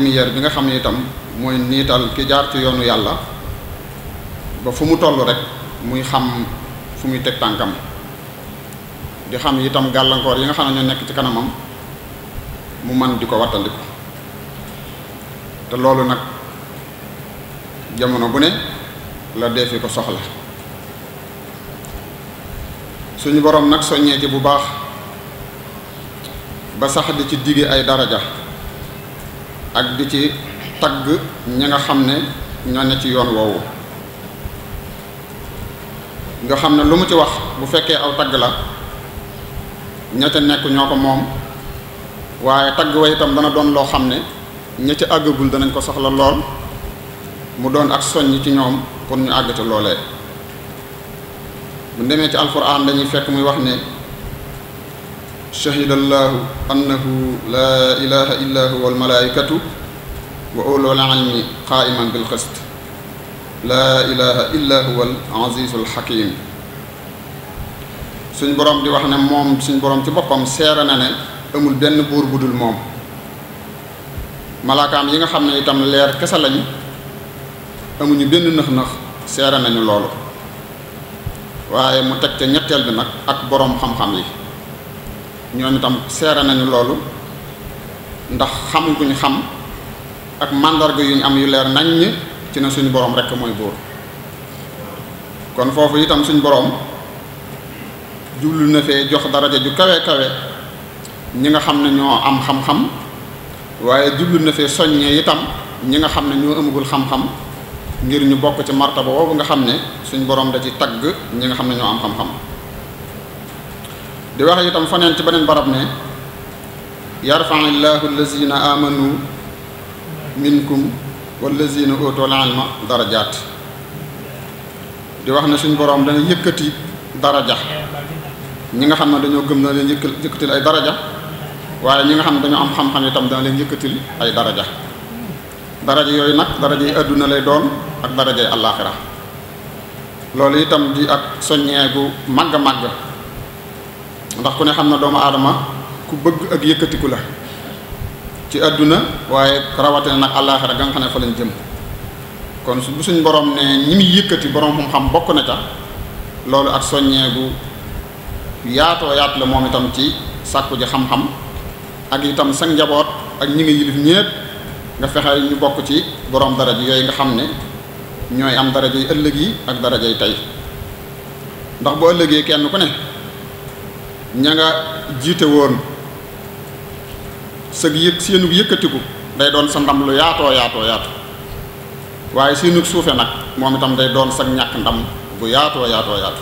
lumière bi nga xam ne itam mooy niital ki jaar ci yoonu yàlla ba fu mu toll rek muy xam fu muy teg tànkam di xam itam gàllankoor yi nga xam ne ñoo nekk ci kanamam mu man di ko wattandiku te loolu nag jamono bu ne la dee fi ko soxla suñu boroom nag soññee ci bu baax ba sax di ci digge ay daraja ak di ci tagg ñi nga xam ne ñoo ne ci yoon woowu nga xam ne lu mu ci wax bu fekkee aw tagg la ña ca nekk ñoo ko moom waaye tagg wa itam dana doon loo xam ne ña ca àggagul danañ ko soxla lool mu doon ak soññ ci ñoom pour ñu àgg ca loolee bu demee ci alxuraan dañuy fekk muy wax ne shahida allahu annahu laa ilaha illa huwa almalaikatu wa ulul ilmi qaiman bil qist laa ilaha illa huwa al azizul hakim suñ borom di wax ne moom suñ borom ci boppam seere na ne amul benn buur bu dul moom malaakaam yi nga xam ne itam leer kese lañu amuñu benn nëx-nëx seere nañu loolu waaye mu teg ca ñetteel bi nag ak boroom xam-xam yi ñoom itam seere nañu loolu ndax xam guñ xam ak màndarga yu ñu am yu leer naññ ci ne suñu boroom rekk mooy buur kon foofu itam suñu boroom jublu na fee jox daraja ju kawe kawe ñi nga xam ne ñoo am xam-xam waaye jublu na fee itam ñi nga xam ne ñoo ëmagul xam ngir ñu bokk ci martaba boobu nga xam ne suñu boroom da ci tagg ñi nga xam ne ñoo am xam-xam di wax itam faneen ci beneen barab ne yarfaillaahu allazina amanu minkum wallazina utul ilma darajaat di wax ne suñ boroom dana yëkkati daraja ñi nga xam ne dañoo gëm dana leen yëkkatil ay daraja waaye ñi nga xam dañoo am xam-xam itam dana leen yëkkatil ay daraja daraja yooyu nag daraja yi àdduna lay doon ak daraja yi loolu itam di ak soññee bu màgg-màgg ndax ku ne xam na doomu aadama ku bëgg ak yëkkatiku la ci àdduna waaye rawatina nag àllaaxira ga nga xam ne fa lañ jëm kon bu suñ borom ne ñi muy yëkkati borom xam-xam bokk na ca loolu ak soññee gu yaatoo yaat la moom itam ci sàkku ji xam-xam ak itam sa njaboot ak ñi nga yilif ñépp nga fexe ñu bokk ci borom daraja yooyu nga xam ne ñooy am daraja yu ëllëg yi ak daraja yi tey ndax bu ëllëgee kenn ku ne. ña nga jiite woon sëg yëg seenu yëkkatiku day doon sa ndam lu yaatoo yaatoo yaatu waaye seenu suufe nag moom itam day doon sag ñàkk ndam bu yaatoo yaatoo yaatu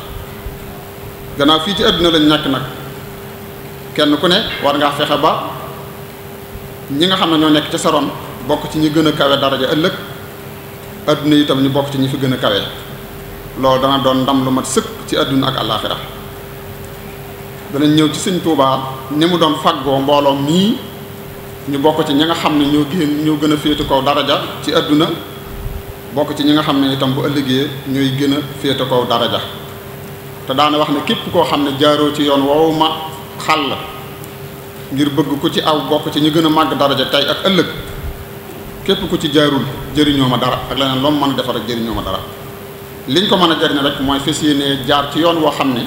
gannaaw fii ci àdduna lañ ñàkk nag kenn ku ne war ngaa fexe ba ñi nga xam ne ñoo nekk ci sa bokk ci ñi gën a kawe daraja ëllëg àdduna itam ñu bokk ci ñi fi gën a kawe loolu dana doon ndam lu mat sëkk ci àdduna ak àllaaxira danañ ñëw ci sëñ Touba ni mu doon faggoo mbooloo mii ñu bokk ci ñi nga xam ne ñoo génn ñoo gën a féete kaw daraja ci àdduna bokk ci ñi nga xam ne itam bu ëllëgee ñooy gën a féete kaw daraja te daana wax ne képp koo xam ne jaaroo ci yoon woowu ma xàll ngir bëgg ko ci aw bokk ci ñu gën a màgg daraja tey ak ëllëg képp ku ci jaarul jëriñoo ma dara ak leneen loo mën a defar ak jëriñoo ma dara liñ ko mën a jëriñ rek mooy fas yéenee jaar ci yoon woo xam ne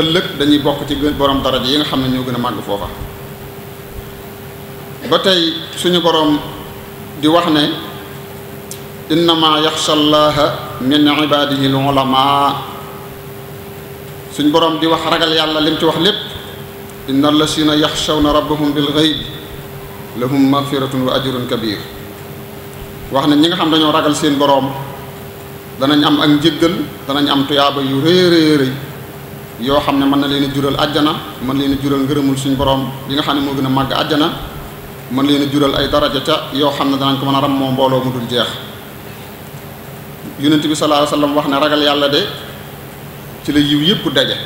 ëllëg dañuy bokk ci borom daraja yi nga xam ne ñoo gën a màgg foofa ba tey suñu boroom di wax ne innama yaxsha llaha min ibadihi l ulama suñu boroom di wax ragal yàlla lim ci wax lépp inna allasina yaxshawna rabbahum bil gayb lahum magfiratun wa ajrun kabir wax ne ñi nga xam dañoo ragal seen boroom danañ am ak njëggal danañ am tuyaaba yu rëy yoo xam ne mën na leen a jural àjjana mën leen a jural ngërëmul suñu borom li nga xam ne moo gën a màgg ajjana mën leen a jural ay daraja ca yoo xam ne danañ ko mën a ram moo mbooloo mu dul jeex yonent bi sallallahu alayhi wasallam wax ne ragal yàlla de ci la yiw yëpp daje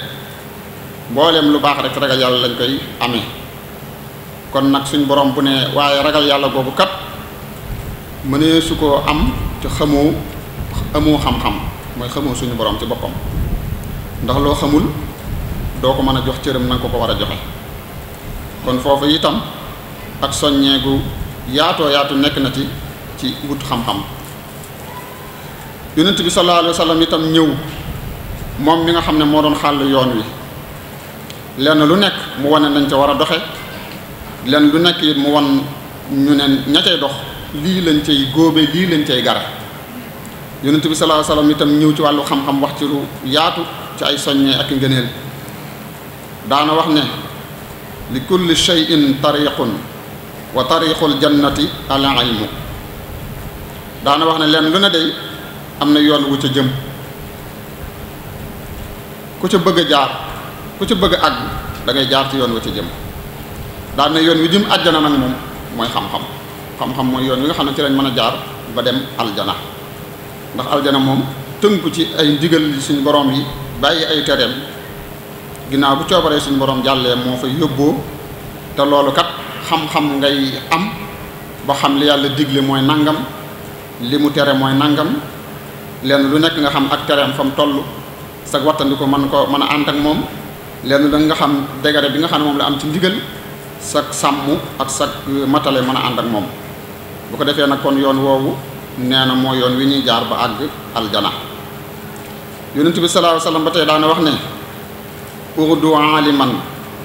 mbooleem lu baax rek ragal yàlla lañ koy amee kon nag suñu borom bu ne waaye ragal yàlla boobu kat mënee su ko am ci xamoo amu xam-xam mooy xamoo suñu borom ci boppam ndax loo xamul doo ko mën a jox cëram na nga ko ko war a joxe kon foofu itam ak soññee gu yaatoo yaatu nekk na ci ci wut xam-xam yonent bi sallallahu alayhi wa ñëw moom mi nga xam ne moo doon xàll yoon wi lenn lu nekk mu wane nañ ca war a doxe lenn lu nekk it mu wan ñu ne ña dox lii lañ cay góobe lii lañ cay gara yonent bi sallallahu alayhi wa itam ñëw ci wàllu xam-xam wax ci lu yaatu ci ay soññee ak ngëneel daana wax ne li kulli shay'in tariqun wa tariqul jannati al ilmu daana wax ne leen lu ne day am na yoon wu ca jëm ku ca bëgg jaar ku ca bëgg àgg dangay jaar ci yoon wu ca jëm daan yoon wu jëm àjjana nag moom mooy xam-xam xam-xam mooy yoon wi nga xam ne ci lañ mën a jaar ba dem aljana ndax aljana moom tënku ci ay ndigal suñu borom yi bàyyi ay tereem ginnaaw bu coobaree suñu borom jàllee moo fa yóbboo te loolu kat xam-xam ngay am ba xam li yàlla digle mooy nangam li mu tere mooy nangam lenn lu nekk nga xam ak tereem fa mu toll sag wattandiku man ko mën a ànd ak moom lenn da nga xam degare bi nga xam ne moom la am ci ndigal sag sàmm ak sag euh, matale mën a ànd ak moom bu ko defee nag kon yoon woowu nee na moo yoon wi ñuy jaar ba àgg aljana yonent bi sallallahu alayhi ba tey daana wax ne urdu aliman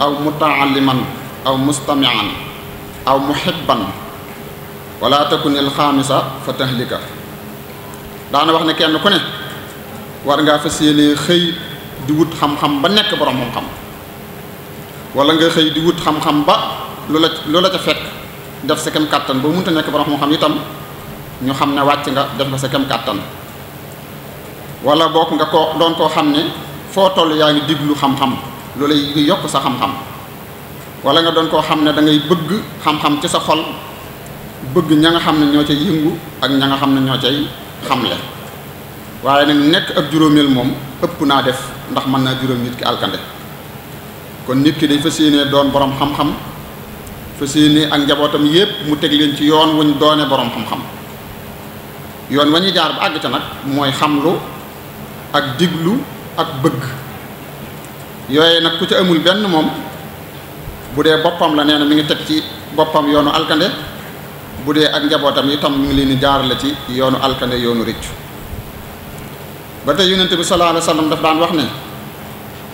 aw mutaalliman aw mustamian aw muhibban wala takunil xaamisa fa tahlika daana wax ne kenn ku ne war ngaa fas yéene xëy di wut xam-xam ba nekk boroom xam-xam wala nga xëy di wut xam-xam ba lu la lu la ca fekk def sa kem kàttan ba munta nekk borom xam-xam itam ñu xam ne wàcc nga def nga sa kem kàttan wala bokk nga ko doon koo xam ne foo toll yaa ngi diglu xam-xam loolu lay yokk sa xam-xam wala nga doon koo xam ne da ngay bëgg xam-xam ci sa xol bëgg ña nga xam ne ñoo cay yëngu ak ña nga xam ne ñoo cay xamle waaye nag nekk ak juróomeel moom ëpp naa def ndax mën naa juróom nit ki alkande kon nit ki day fas yéenee doon boroom xam-xam fas yéenee ak njabootam yépp mu teg leen ci yoon wuñ doone boroom xam-xam yoon wa ñu jaar ba àgg ca nag mooy xam lu ak diglu ak bëgg yooye nag ku ci amul benn moom bu dee boppam la nee na mi ngi teg ci boppam yoonu alkande bu dee ak njabootam itam mu ngi leen di jaarale ci yoonu alkande yoonu rëccu ba tey yonente bi sallallahu alayhi daf daan wax ne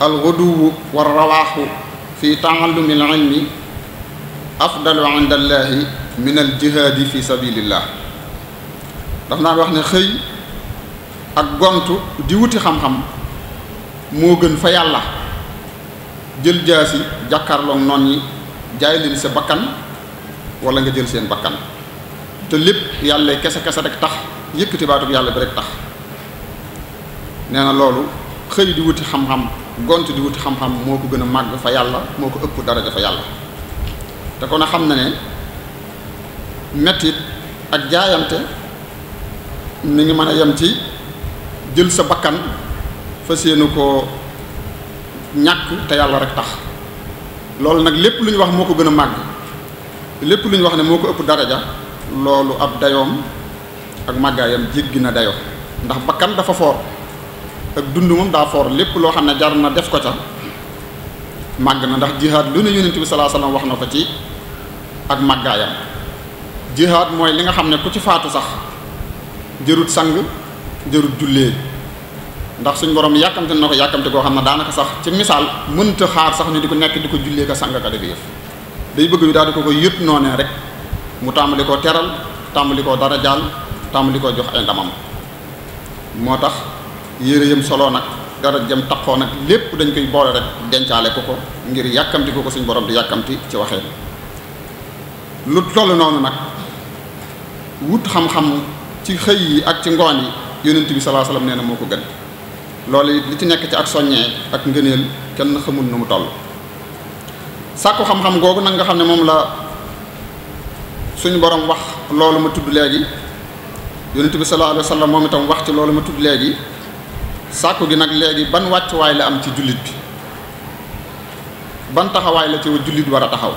alxuduwu war rawaaxu fi taallumil ilmi afdalu inda allaahi min al jihaadi fi sabilillah daf daan wax ne xëy ak gontu di wuti xam-xam moo gën fa yàlla jël jaasi jàkkaarloog noon yi jaay leen sa bakkan wala nga jël seen bakkan te lépp yàlla kese kese rek tax yëkkati baatub yàlla bi rekk tax nee na loolu xëy di wuti xam-xam gont di wuti xam-xam moo ko gën a màgg fa yàlla moo ko ëpp daraja fa yàlla te kon a xam na ne mettit ak jaayante mi ngi mën a yem ci jël sa bakkan fa yéene ko ñàkk te yàlla rek tax loolu nag lépp lu ñu wax moo ko gën a màgg lépp lu ñu wax ne moo ko ëpp daraja loolu ab dayoom ak màggaayam jéggi na dayo ndax bakkan dafa foor ak dund moom daa lépp loo xam ne jar na def ko ca màgg na ndax jihaad lu ne yonent bi salaa salaam wax na ko ci ak màggaayam jihaad mooy li nga xam ne ku ci faatu sax jërut sang jërul jullee ndax suñ borom yàkkamte na ko yàkkamte koo xam ne daanaka sax ci misaal mënta xaar sax ni di ko nekk di ko jullee ko sànq ka def day bëgg ñu daal di ko koy yëpp noonee rek mu tàmbali koo teral tàmbali koo dara jaal tàmbali koo jox ay ndamam moo tax yére yam solo nag dara jëm taxoo nag lépp dañ koy boole rek dencaale ko ko ngir yàkkamti ko ko suñ borom di yàkkamti ci waxee lu toll noonu nag wut xam-xam ci xëy yi ak ci ngoon yi. yonent bi salaa salaam nee na moo ko gën loolu li ci nekk ci ak soññee ak ngëneel kenn xamul nu mu toll sàkku xam-xam googu nag nga xam ne moom la suñu borom wax loolu ma tudd léegi yonent bi salaa alayhi wa moom itam wax ci loolu ma tudd léegi sàkku gi nag léegi ban wàccuwaay la am ci jullit bi ban taxawaay la ci jullit war a taxaw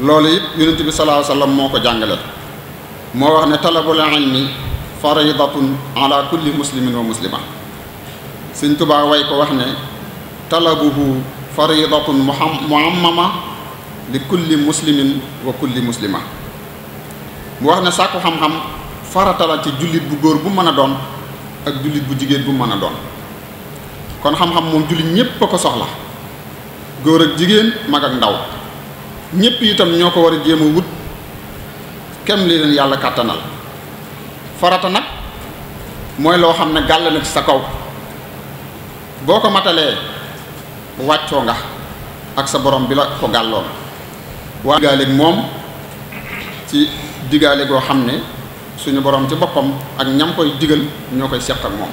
loolu it yonent bi moo ko jàngale moo wax ne talabul ilmi faridatun ala kulli muslimin wa muslima sëñ tubaa way ko wax ne talabuhu faridatun muammama li kulli muslimin wa kulli muslima mu wax ne sàkku xam-xam farata la ci jullit bu góor bu mën a doon ak jullit bu jigéen bu mën a doon kon xam-xam moom jullit ñépp a ko soxla góor ak jigéen mag ak ndaw ñépp itam ñoo ko war a jéem wut kem li leen yàlla kàttanal farata nag mooy loo xam ne gàll na ci sa kaw boo ko matalee wàccoo nga ak sa borom bi la ko gàlloon waa diggaaleeg moom ci diggaale goo xam ne suñu borom ci boppam ak ñam koy digal ñoo koy seq ak moom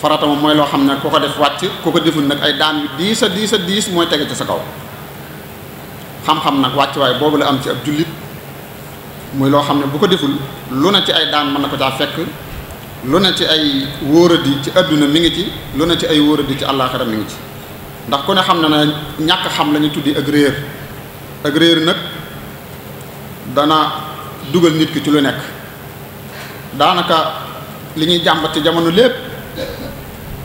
farata moom mooy loo xam ne ku ko def wàcc ku ko deful nag ay daan yu diis a diis mooy tege ci sa kaw xam-xam nag wàcc waaye boobu la am ci ab jullit muy loo xam ne bu ko deful lu ne ci ay daan mën na ko caa fekk lu ne ci ay wóoradi ci àdduna mi ngi ci lu ne ci ay wóoradi ci àllaaxira mi ngi ci ndax ku ne xam na ne ñàkk xam la tuddi ak réer ak réer nag dana dugal nit ki ci lu nekk daanaka li ñuy jàmbat ci jamono lépp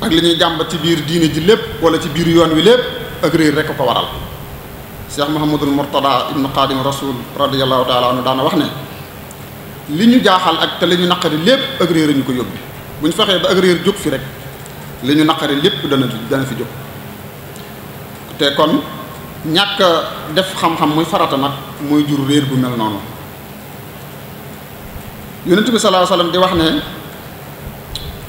ak li ñuy jàmbat ci biir diine ji lépp wala ci biir yoon wi lépp ak réer rekk ko waral Cheikh Mouhamadul Mourtada ibnu Xaadim Rasul radiyallahu taala daana wax ne li ñu jaaxal ak te li ñu naqari lépp ak réer ñu ko yóbbi bu ñu fexee ba ak réer jóg fi rek li ñu naqari lépp dana dana fi jóg te kon ñàkk def xam-xam muy farata nag muy jur réer bu mel noonu yonent bi sallallahu alayhi di wax ne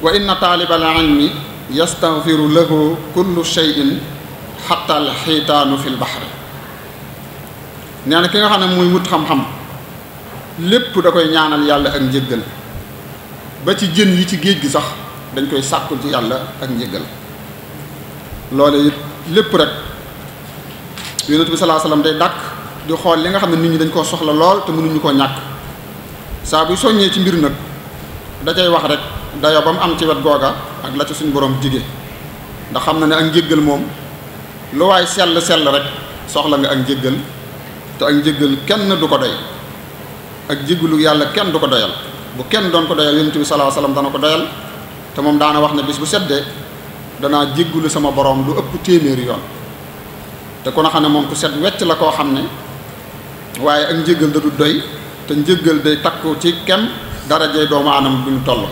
wa inna taalibal ilmi yastaghfiru lahu kullu shay'in xatta al xiitaanu fi l nee ki nga xam ne muy wut xam-xam lépp da koy ñaanal yàlla ak njëggal ba ci jën yi ci géej gi sax dañ koy sàkkul ci yàlla ak njégal loole it lépp rek yonent bi salaa salaam day dàkk di xool li nga xam ne nit ñi dañ koo soxla lool te mënuñu koo ñàkk saa buy soññee ci mbir nag da wax rek dayo ba mu am ci wet googa ak la ci suñu boroom jigéen ndax xam na ne ak njëggal moom lu waay sell sell rek soxla nga ak njëggal te ak njëggal kenn du ko doy ak jéggalu yàlla kenn du ko doyal bu kenn doon ko doyal yonent bi sallallahu alayhi dana ko doyal te moom daana wax ne bis bu seddee danaa jéggalu sama borom lu ëpp téeméeri yoon te ku na xam ne moom ku set wecc la koo xam ne waaye ak njëggal da du doy te njëggal day takku ci kem darajey doomu aadama bu ñu toll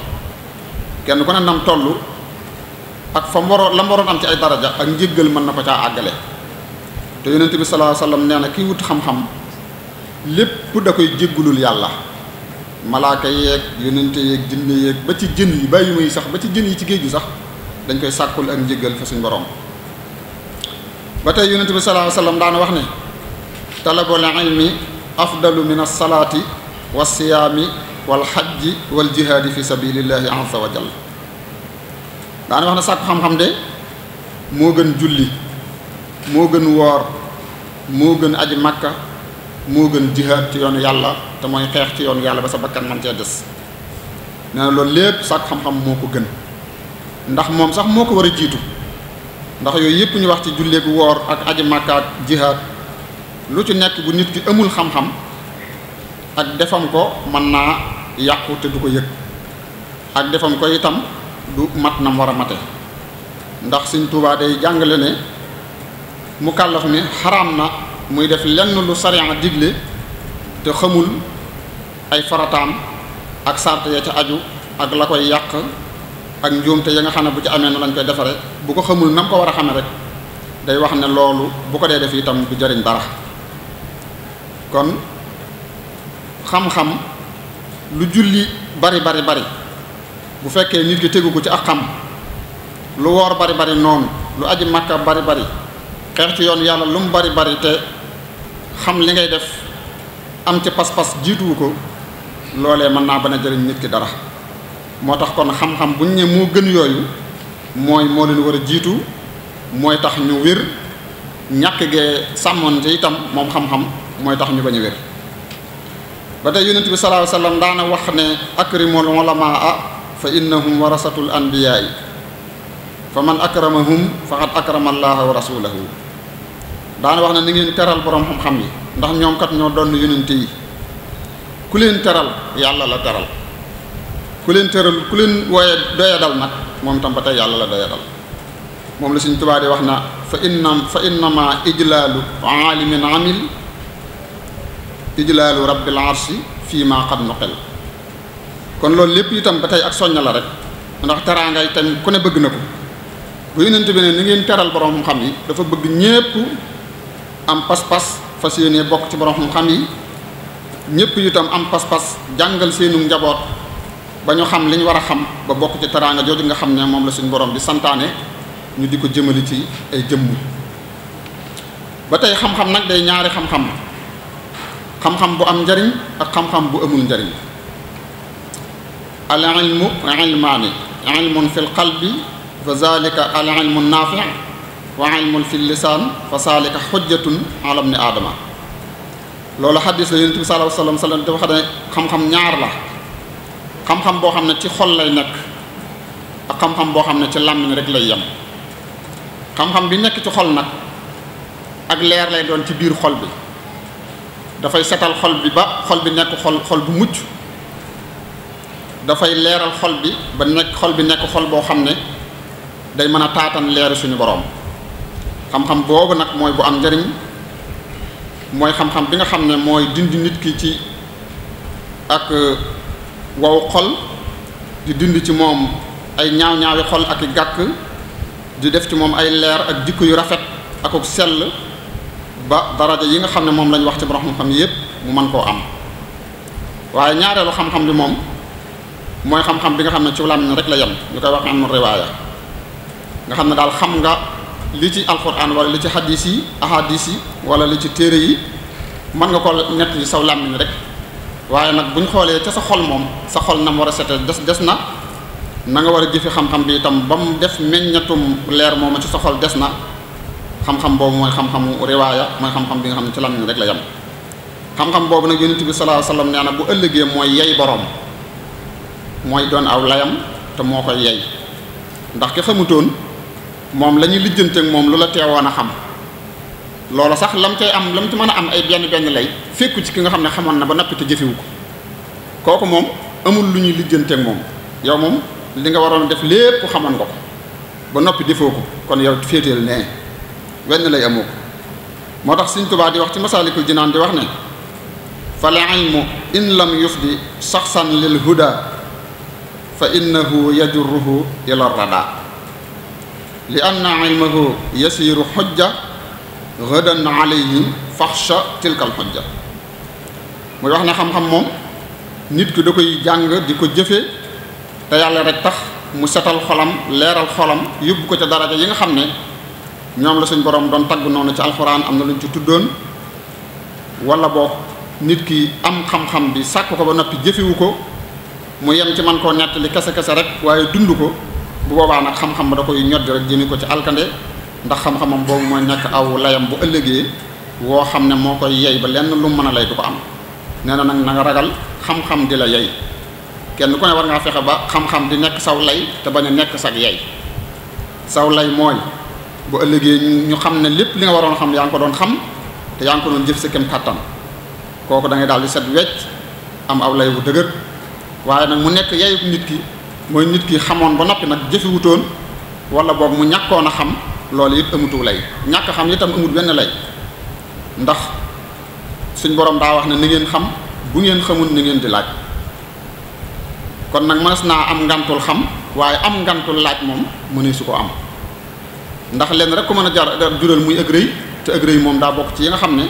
kenn ku ne nam toll ak fa mu waroon la mu waroon am ci ay daraja ak njëggal mën na ko caa àggale te yonent bi sallallahu alayhi wasallam nee na kiy wut xam-xam lépp da koy jéggulul yàlla malaaka yeeg yonente yeeg jinne yeeg ba ci jën yi bàyyi muy sax ba ci jën yi ci géej gi sax dañ koy sàkkul ak njéggal fa suñ borom ba tey yonent bi sallallahu alayhi wasallam daana wax ne talabul ilmi afdalu min as-salaati was-siyaami wa xajji wal jihaadi fi sabilillahi azza wa jalla daana wax ne sàkku xam-xam de moo gën julli moo gën woor moo gën aji makka moo gën jihaad ci yoonu yàlla te mooy xeex ci yoonu yàlla ba sa bakkan man cee des nee na loolu lépp sàkk xam-xam moo ko gën ndax moom sax moo ko war a jiitu ndax yooyu yëpp ñu wax ci julleeku woor ak aji makka ak lu ci nekk bu nit ki amul xam-xam ak defam ko mën naa yàqu te du ko yëg ak defam ko itam du mat nam war a mate ndax suñ Tuubaa day jàngale ne mu kàllaf mi xaram na muy def lenn lu sariya digle te xamul ay farataam ak sart ya ca aju ak la koy yàq ak njuumte ya nga xam ne bu ci amee na lañ koy defare bu ko xamul nam ko war a xame rek day wax ne loolu bu ko dee def itam du jariñ bara kon xam-xam lu julli bari bari bari bu fekkee nit ki tegu ci ak xam lu woor bari bari noonu lu aji màkka bari bari xeex ci yoon yàlla lu mu bari bari te xam li ngay def am ci pas-pas jiituwu ko loolee mën naa ban a jëriñ nit ki dara moo tax kon xam-xam bu ñu ne moo gën yooyu mooy moo leen war a jiitu mooy tax ñu wér ñàkk gee sàmmonte itam moom xam-xam mooy tax ñu bañ wér ba tey yonent bi sallallahu alayhi wasallam wax ne akrimul a fa innahum warasatul anbiyaa yi fa man akramahum faqad akrama allaha wa rasulahu daana wax na ni ngeen teral borom xam-xam yi ndax ñoom kat ñoo doon yonent yi ku leen teral yàlla la teral ku leen teral ku leen wooye doyadal nag moom tam ba tey yàlla la doyadal moom la suñ tubaab di wax na fa innam fa innama ijlaalu aalimin amil ijlaalu rabbil arsi fii maa qad kon loolu lépp yi tam ba tey ak soñña la rek ndax teraanga itam ku ne bëgg na ko bu yonent bi ne ni ngeen teral borom xam-xam yi dafa bëgg ñépp am pas-pas fas yéene bokk ci borom xam-xam yi ñëpp itam am pas-pas jàngal seenu njaboot ba ñu xam li ñu war a xam ba bokk ci teraanga jooju nga xam ne moom la seen boroom bi santaane ñu di ko jëmali ci ay jëmm ba tey xam-xam nag day ñaari xam-xam xam-xam bu am njariñ ak xam-xam bu amul njariñ al ilmu ilmaani ilmun fil qalbi fa zalika al ilmu naafi wa ilmun fi lisaan fa saalika xujjatun alam ni aadama loolu xaddis la yonent bi sallallahu alayhi wa sallam xam-xam ñaar la xam-xam boo xam ne ci xol lay nekk ak xam-xam boo xam ne ci làmmiñ rek lay yem xam-xam bi nekk ci xol nag ak leer lay doon ci biir xol bi dafay setal xol bi ba xol bi nekk xol xol bu mucc dafay leeral xol bi ba nekk xol bi nekk xol boo xam ne day mën a taatan leeri suñu boroom xam-xam boobu nag mooy bu am njariñ mooy xam-xam bi nga xam ne mooy dindi nit ki ci ak euh, waw xol di dindi ci moom ay ñaaw-ñaawi xol ak i gàkk di def ci moom ay leer ak jikko yu rafet ak ak sell ba daraja yi nga xam ne moom lañ wax ci borom xam-xam yépp mu mën koo am waaye ñaareelu xam-xam bi moom mooy xam-xam bi nga xam ne ci làmmiñ rek la yem ñu koy wax nga xam ne daal xam nga li ci alquran wala li ci hadis yi ahadis yi wala li ci téere yi mën nga ko nett li saw làmmiñ rek waaye nag buñ xoolee ca sa xol moom sa xol na mu war a sete des des na nanga war a jëfe xam-xam bi itam ba mu def meññatum leer moom mooma ci sa xol des na xam-xam boobu mooy xam-xamu riwaaya mooy xam-xam bi nga xam ne ci làmmiñ rek la yem xam-xam boobu nag yonent bi sallallahu alayhi wasallam nee na bu ëllëgee mooy yey boroom mooy doon aw layam te moo koy yey moom la ñuy lijjante moom lu la teewoon a xam loolu sax lam tey am lam ci mën a am ay benn benn lay fekku ci ki nga xam ne xamoon na ba noppi te jëfewu ko kooku moom amul lu ñuy lijjanteek moom yow moom li nga waroon def lépp xamoon nga ko ba noppi defoo ko kon yow féeteel nee wenn lay amoo ko moo tax Sëriñ Tuubaa di wax ci Masaalikul Jinaan di wax ne fal ilmu in lam yufdi saxsan lil huda fa innahu yajurruhu ila rada li anna ilmahu yasiru xojja ghadan alayhim faxsha tilkal xojja muy wax ne xam-xam moom nit ki da koy jàng di ko jëfe te yàlla rek tax mu setal xolam leeral xolam yóbbu ko ca daraja yi nga xam ne ñoom la suñ borom doon tagg noonu ci alxuraan am na luñ ci tuddoon walla boog nit ki am xam-xam bi sàkk ko ba noppi jëfewu ko mu yem ci man koo nettali kese kese rek waaye dund ko bu boobaa nag xam-xam ba da koy ñoddi rek jëmi ko ci alkande ndax xam-xamam boobu mooy nekk aw layam bu ëllëgee woo xam ne moo koy yey ba lenn lu mën a lay du ko am nee na nag na nga ragal xam-xam di la yey kenn ku ne war ngaa fexe ba xam-xam di nekk saw lay te ba a nekk sag yey saw lay mooy bu ëllëgee ñu xam ne lépp li nga waroon xam yaa ngi ko doon xam te yaa ngi ko doon jëf sa kem kàttan kooku da ngay daal di set wecc am aw lay bu dëgër waaye nag mu nekk yeyu nit mooy nit ki xamoon ba noppi nag jëfewutoon wala boog mu ñàkkoon a xam loolu it amutu lay ñàkk xam tam amut benn lay ndax suñ borom daa wax ne ni ngeen xam bu ngeen xamul ni ngeen di laaj kon nag mënees naa am ngantul xam waaye am ngantul laaj moom mënee su ko am ndax lenn rek ko mën a jar jural muy ëgg rëy te ëgg rëy moom daa bokk ci yi nga xam ne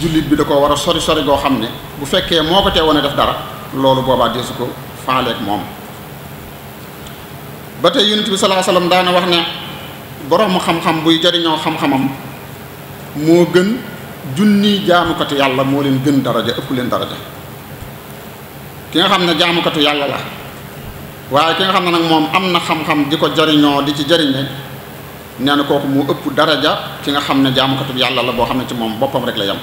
jullit bi da ko war a sori sori goo xam ne bu fekkee moo ko teewoon a def dara loolu boobaa deesu ko faaleek moom ba tey yonent bi salaa salaam daana wax ne boroomu xam-xam buy jariñoo xam-xamam moo gën junni jaamukatu yàlla moo leen gën daraja ëpp leen daraja ki nga xam ne jaamukatu yàlla la waaye ki nga xam ne nag moom am na xam di ko jariñoo di ci jariñe nee na kooku mu ëpp daraja ki nga xam ne jaamukatu yàlla la boo xam ne ci moom boppam rek la yem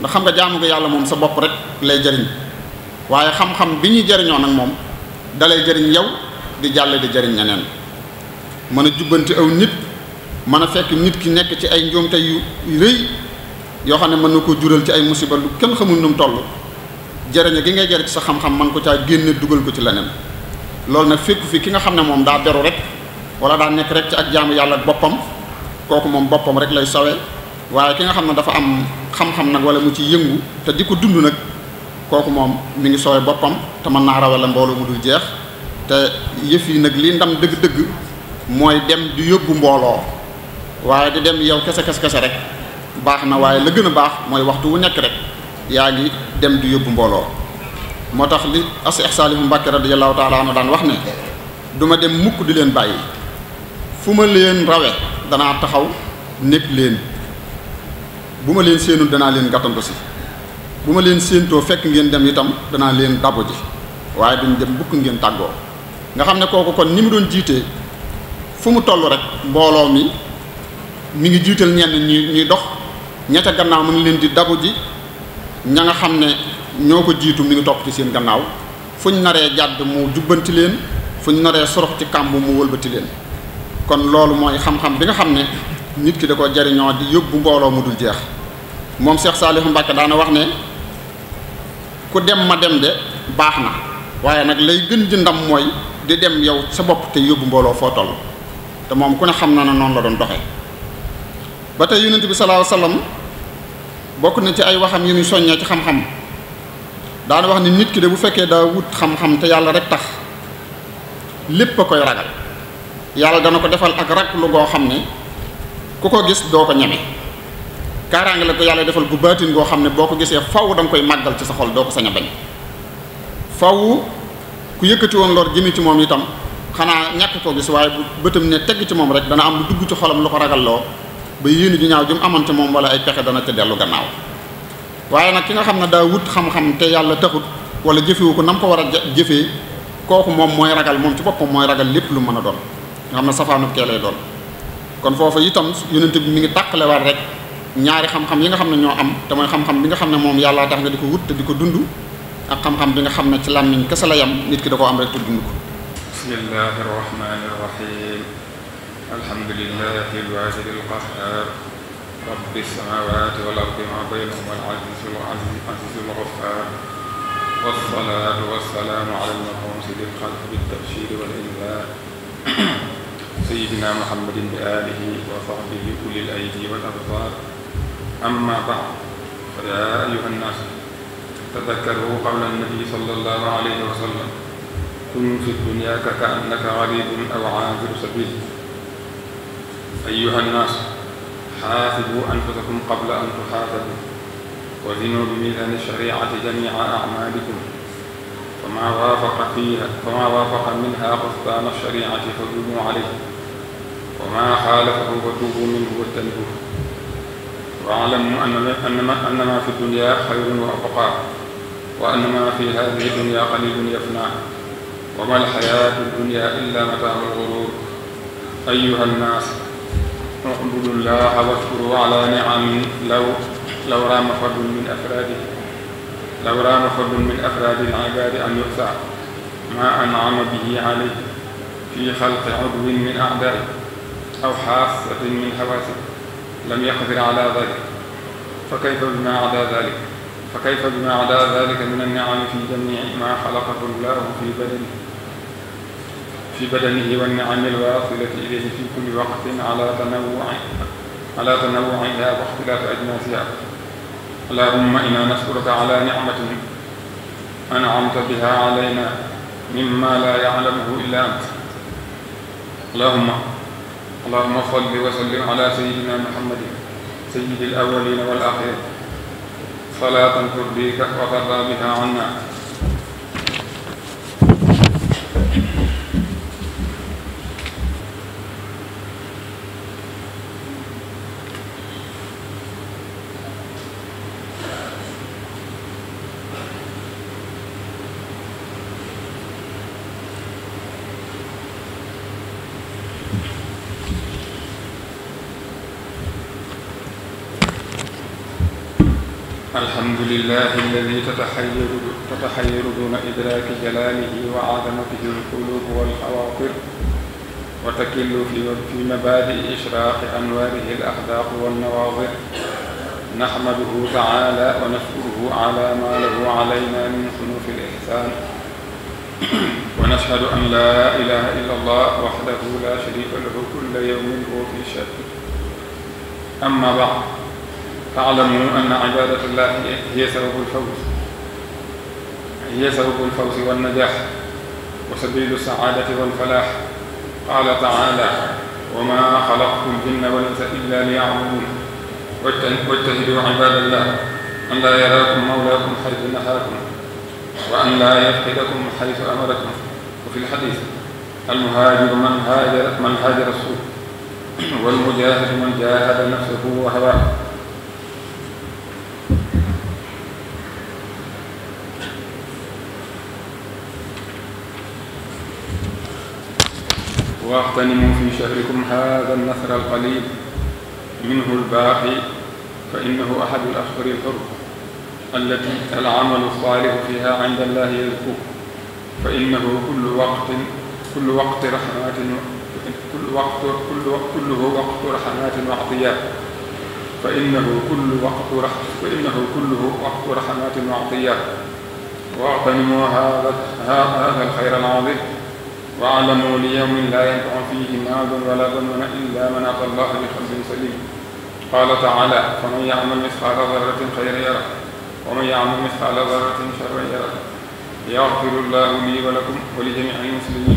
ndax xam nga jaamu ko yàlla moom sa bopp rek lay jariñ waaye xam-xam bi ñuy jariñoo nag moom dalay jariñ yow di jàll di jariñ ñeneen mën a jubbanti aw nit mën a fekk nit ki nekk ci ay njuumte yu rëy yoo xam ne mën na ko jural ci ay musiba lu kenn xamul nu mu toll jariñ gi ngay jariñ ci sa xam-xam man ko caa génne dugal ko ci leneen loolu nag fekku fi ki nga xam ne moom daa beru rek wala daa nekk rek ci ak jaamu yàlla boppam kooku moom boppam rek lay sawe waaye ki nga xam ne dafa am xam-xam nag wala mu ci yëngu te di ko dund nag kooku moom mi ngi sooy boppam te mën naa rawale mbooloo mu dul jeex te yëf yi nag li ndam dëgg-dëgg mooy dem di yóbbu mbooloo waaye di dem yow kese kese kese rek baax na waaye la gën a baax mooy waxtu wu nekk rek yaa ngi dem di yóbbu mbooloo moo tax li Seex Saalihu Mbàkke radiyallaahu taala anhu daan wax ne du dem mukk di leen bàyyi fu ma leen rawe danaa taxaw nekk leen bu ma leen séenul danaa leen gàttandu si bu ma leen séentoo fekk ngeen dem itam danaa leen dabo ji waaye duñ dem bukk ngeen tàggoo nga xam ne kooku kon ni mu doon jiitee fu mu toll rek mbooloo mi mi ngi jiital ñenn ñi ñuy dox ña ca gannaaw mu ngi leen di dabu ji ña nga xam ne ñoo ko jiitu mi ngi topp ci seen gannaaw fuñ naree jàdd mu jubbanti leen fuñ naree sorox ci kàmb mu wëlbati leen kon loolu mooy xam-xam bi nga xam ne nit ki da ko jariñoo di yóbbu mbooloo mu dul jeex moom Cheikh Saliou Mbacke daana wax ne ku dem ma dem de baax na waaye nag lay gën ji ndam mooy di dem yow sa bopp te yóbbu mbooloo foo toll te moom ku ne xam na ne noonu la doon doxee ba tey yonent bi salaa alayhi bokk na ci ay waxam yu muy soññee ci xam-xam daana wax ni nit ki de bu fekkee daa wut xam-xam te yàlla rek tax lépp a koy ragal yàlla dana ko defal ak rag lu goo xam ne ku ko gis doo ko ñeme kaaraange la ko yàlla defal gu baatin goo xam ne boo ko gisee faw da nga koy màggal ci sa xol doo ko sañ a bañ faw ku yëkkati woon lor jëmmi ci moom itam xanaa ñàkk koo gis waaye bu bëtam ne tegg ci moom rek dana am lu dugg ci xolam lu ko ragal loo ba yéen ju ñaaw jum amante moom wala ay pexe dana ca dellu gannaaw waaye nag ki nga xam ne daa wut xam-xam te yàlla taxut wala jëfewu ko nam ko war a jëfe kooku moom mooy ragal moom ci boppam mooy ragal lépp lu mën a doon nga xam ne safaanub lay doon kon foofu itam yonent bi mi ngi tàqalewaat rek ñaari xam-xam yi nga xam ne ñoo am te mooy xam-xam bi nga xam ne moom yàllaa tax nga di ko wut te di ko dund ak xam-xam bi nga xam ne ci làmmiñ kese la yam nit ki da koo am rek pour dund ko bismillahi rahmani rahim alhamdulillahi alwahid alqahhar rabbi samawati wal ardi ma baynahuma al azizul azizul ghaffar wassalatu wassalamu ala al mab'uusi lil xalqi bit tabshir wal inzar sayyidina muhammadin bi alihi wa sahbihi ulil aydi wal أما بعد فيا أيها الناس تذكروا قول النبي صلى الله عليه وسلم كن في الدنيا ككأنك غريب أو عابر سبيل أيها الناس حاسبوا أنفسكم قبل أن تحاسبوا وزنوا بميزان الشريعة جميع أعمالكم فما وافق فيها فما وافق منها قصدان الشريعة فدوموا عليه وما خالفه فتوبوا منه واجتنبوه واعلموا أن ما في الدنيا خير وأبقى وأن ما في هذه الدنيا قليل يفنى وما الحياة الدنيا إلا متاع الغرور أيها الناس اعبدوا الله واشكروا على نعم لو لو رام فرد من أفراده لو رام فرد من أفراد العباد أن يخسع ما أنعم به عليه في خلق عضو من أعدائه أو حاسة من هواسه lam yaqdir ala dalik fa kayfa bima ada dalik fa kayfa bima ada dalika min anniami fi jamii ma xalaqahu llahu fi badani fi badanihi wa anniami alwasilati ilayhi fi kulli waqtin ala tanawwu'i ala tanawwu'iha wa ixtilaafi ajnaasiha allahumma inna nas'aluka ala nicmatin an'amta biha alayna mimma la ya'lamuhu illa ant allahumma allahuma salli wa sallim ala sayidina muhammadin sayidi alawalina wal axirin salaatan turdiika wa tarda biha anna الحمد لله الذي تتحير تتحير دون إدراك جلاله وعظمته القلوب والخواطر وتكل في في مبادئ إشراق أنواره الأخلاق والنواظر نحمده تعالى ونشكره على ما له علينا من صنوف الإحسان ونشهد أن لا إله إلا الله وحده لا شريك له كل يوم هو في شك أما بعد faalamu anna ibaadata llahi hiya sababu lfawz hiya sababu lfawzi wannajaax wa sabilu saadati walfalaax qaala taala wa ma xalaqtu ljinna wal insa illa liyacbuduun wajtahidu cibaadallah an laa yaraakum mawlaakum xaytu nahaakum wa an laa yafqidakum xaytu amarakum wa fi lxadis almuhaajiru man haajara man haajara suuf walmujaahidu man jaahada nafsahu wa hawaahu واغتنموا في شهركم هذا النثر القليل منه الباقي فإنه أحد الأشهر الحرم التي العمل الصالح فيها عند الله يذكر فإنه كل وقت كل وقت رحمات كل وقت كل وقت كله وقت رحمات وعطيات فإنه كل وقت رح فإنه كله وقت رحمات وعطيات واغتنموا هذا هذا الخير العظيم واعلموا ليوم لا ينفع فيه مال ولا بنون إلا من أتى الله بقلب سليم قال تعالى فمن يعمل مثقال ذرة خيرا يره ومن يعمل مثقال ذرة شرا يره يغفر الله لي ولكم ولجميع المسلمين